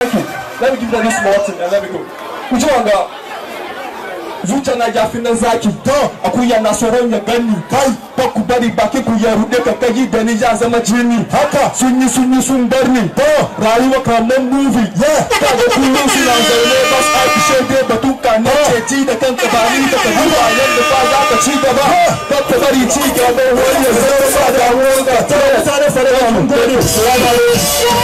Thank you. Let me give and let me go. Zuciya na jafi na zaki to akuya na tsoron ya gani kai baku bari baki ku ya rude ka kai da ni ya zama jini haka sun yi sun yi sun bar ni to rayuwa kamar movie yeah ka kullum suna zaune ba su aiki batun ka ceci da kanka ba ni da ka duba yadda ba za ka ci gaba ba ka bari ci gaba wani ya zama ba damuwa ka da tare da da tare da